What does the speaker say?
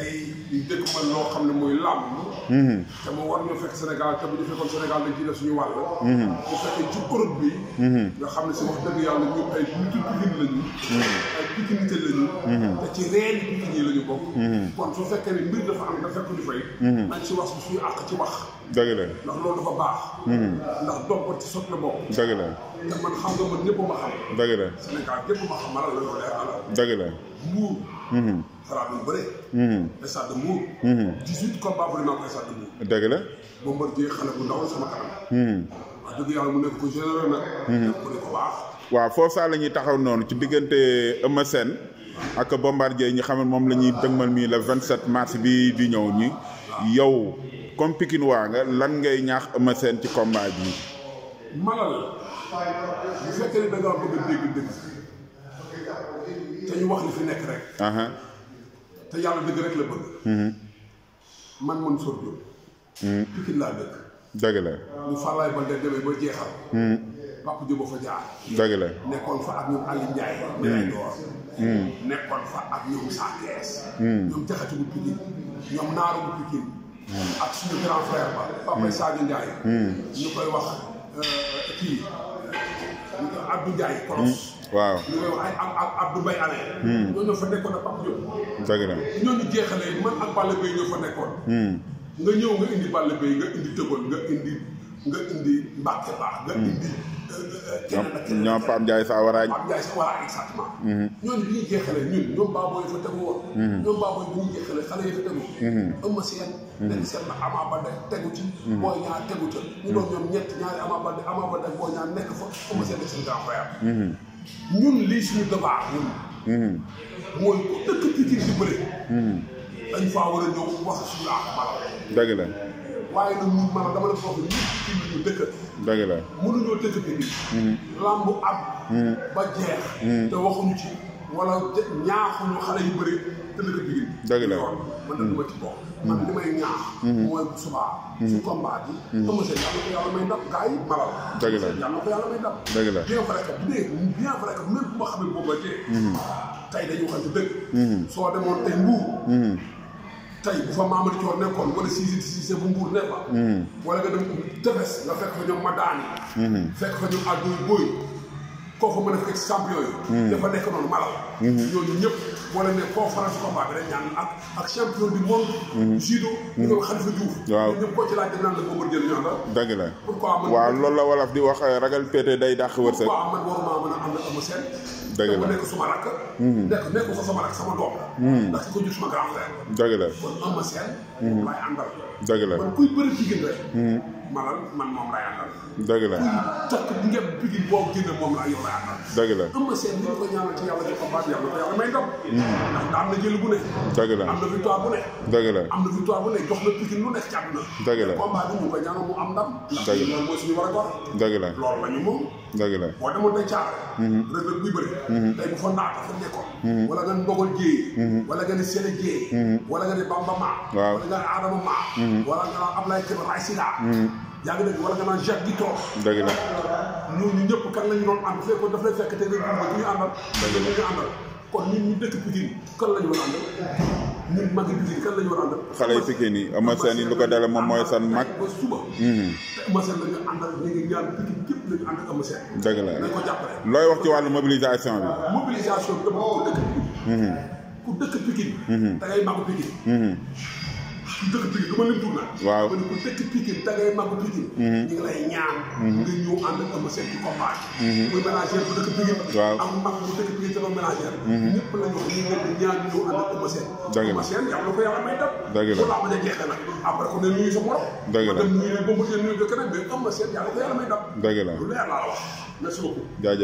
tey di dëkk man loo xam ne mooy làmb. Mhm. te ma war na fekk Sénégal te bu ñu fekkoon Sénégal dañ ciy def suñu wàll. Mhm. bu fekkee ci Europe bi. Mhm. nga xam ne si wax dëgg yàlla ñu ay nitu Pikine lañu. ay Pikinité lañu. te ci reen yi Pikine yi lañu bokk. kon su fekkee ne mbir dafa am dafa fekk ñu fay. nañ si wax suñu àq ci wax. dëgg la ndax loolu dafa baax. Hmm. ndax la waaw foofu sax la ñuy taxaw noonu ci diggante Eumeu Sène ak Bombardier ñi xam moom la ñuy dëgmal mii le 27 mars bi di ñëw ñi yow. comme Pikine waa nga lan ngay ñaax Eumeu Sène ci combat bi. manal bu fekkee da bëgg a dégg te yàlla bëgg. Mhm. man man Mansour Diop. Mhm. Pikine laa dëkk. dëgg la. ñu Fallaye Balde demee ba jeexal. Mhm. Papa Diop fa jaar. dëgg nekkoon fa ak ñoom Aliou Ndiaye. Mbène nekkoon fa ak ñoom Sa Thiès. ñoom jaxatu bu Pikine ñoom naaru bu Pikine. ak suñu grand frère ba. Papa hmm. Sadio Ndiaye. Hmm. ñu koy wax euh, kii euh, Abdou Ndiaye. Kolos. Hmm. waaw ñu koy wax ay ab Abdou Mbaye Alain. ñooñu fa nekkoon ak Pape Diop. dëgg la ñooñu jeexalee man ak Balla Beye ñoo fa nekkoon. nga ñëw nga indi Balla Beye nga indi Tëggoon nga indi nga indi Mbacke Baax nga indi. ñoom ñoom Pape Ndiaye Sawaraay. exactement. Mm-hmm. ñooñu bi ñuy jeexalee ñun ñoom baaboo fa tegu woon. Mm-hmm. ñoom baaboo yi bi ñuy jeexalee xale yi fa tegu. ëmb mm-hmm. seen. ci. booy ñaar tegu ca. ñu doon ñoom ñett ñaari Ama ñaar nekk fa ëmb seen nekk seen grand frère. lii suñu débat ñun. mooy ku dëkk Pikine di bëre. dañ faa war a ñëw wax suñu àq maanaam. dëgg la. waaye nag ñun maanaam dama def foofu ñun kii bi ñu dëkk. dëgg la mënuñoo dëkk bi. lamb am. Hmm. ba jeex. Hmm. te waxuñu ci wala ñaaxuñu xale yu bëri te dëkk bi. dëgg la loolu man nag hmm. ma ci bokk. man li may ñaax. subaa. su combat bi. comme seen yàlla ko yàlla may ndam gars yi malal. dëgg la yàlla ko yàlla bu dee ba jeex. tey dañu waxante dëgg. soo demoon tey mbuur. tey bu fa Mamadou Thior nekkoon wala Cissé Cissé bu Mbour ne fa. Hmm. wala nga dem tefes nga fekk fa ñoom Madani. Hmm. fekk fa ñoom Adoy kooku mën a fekk hmm. hmm. bi rek ñaan hmm. la waaw loolu la wolof di wax ragal péete day dàq wërsëg. sax sama la. ndax la kon la daanaan. dëgg la ëmb seen li ñu hmm. am na victoire bu bu ne jox na pikin lu nekk ci àdduna. dëgg la combat moom. dëgg la boo demoon day caare. Hmm. rëgg rëgg buy bëri. nga ne Sele jéeye. wala nga ne Bamba maa. waaw nga ne Adama maa. wala nga hmm. Ablaye Kébé Raysida. yaa ngi dégg dëgg la ñooñu ñëpp kan lañu doon ànd fekkoon daf lay fekk tey rek bu ñu àndal. dëgg la dëkk Pikine kan lañu war a àndal. ñun mag yi Pikine kan a àndal. lu ko dalee moom mooy seen mag. ba suba. Mhm. ci wàllu mobilisation bi. mobilisation bi dëkk waaw ma ne ku dëkk Pikine da ngay màgg Pikine. Mhm. lay ñaan. Mhm. nga ñëw ànd ak Eumeu Sène ci combat bi. Mhm. muy manager bu dëkk Pikine. waaw am mag bu dëkk Pikine sama manager. ñëpp la ñu wax ñu ngi ñaan ñëw ànd ak Eumeu Sène. dëgg la Eumeu